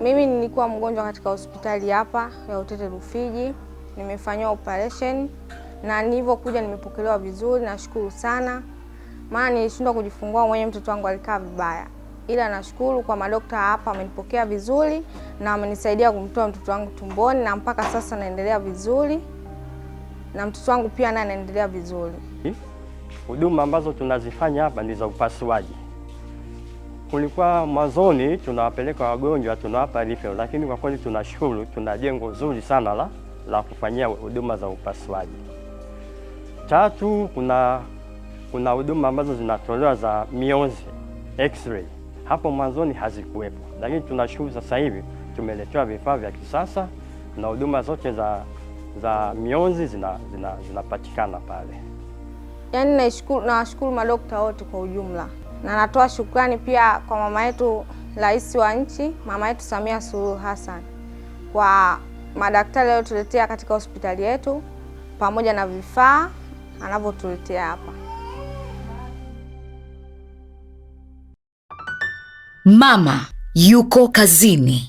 Mimi nilikuwa mgonjwa katika hospitali hapa ya Utete Rufiji, nimefanyiwa operation na nilivyokuja nimepokelewa vizuri, nashukuru sana, maana nilishindwa kujifungua mwenye mtoto wangu alikaa vibaya, ila nashukuru kwa madokta hapa, amenipokea vizuri na amenisaidia kumtoa mtoto wangu tumboni, na mpaka sasa naendelea vizuri na mtoto wangu pia naye anaendelea vizuri. Huduma ambazo tunazifanya hapa ni za upasuaji kulikuwa mwanzoni tunawapeleka wagonjwa tunawapa refill, lakini kwa kweli tunashukuru, tuna jengo zuri sana la, la kufanyia huduma za upasuaji. Tatu, kuna kuna huduma ambazo zinatolewa za mionzi x-ray, hapo mwanzoni hazikuwepo, lakini tunashukuru sasa hivi tumeletewa vifaa vya kisasa na huduma zote za, za mionzi zinapatikana zina, zina pale. Yaani nawashukuru madokta wote kwa ujumla na natoa shukrani pia kwa mama yetu rais wa nchi, mama yetu Samia Suluhu Hassan kwa madaktari aliyotuletea katika hospitali yetu pamoja na vifaa anavyotuletea hapa. Mama yuko kazini.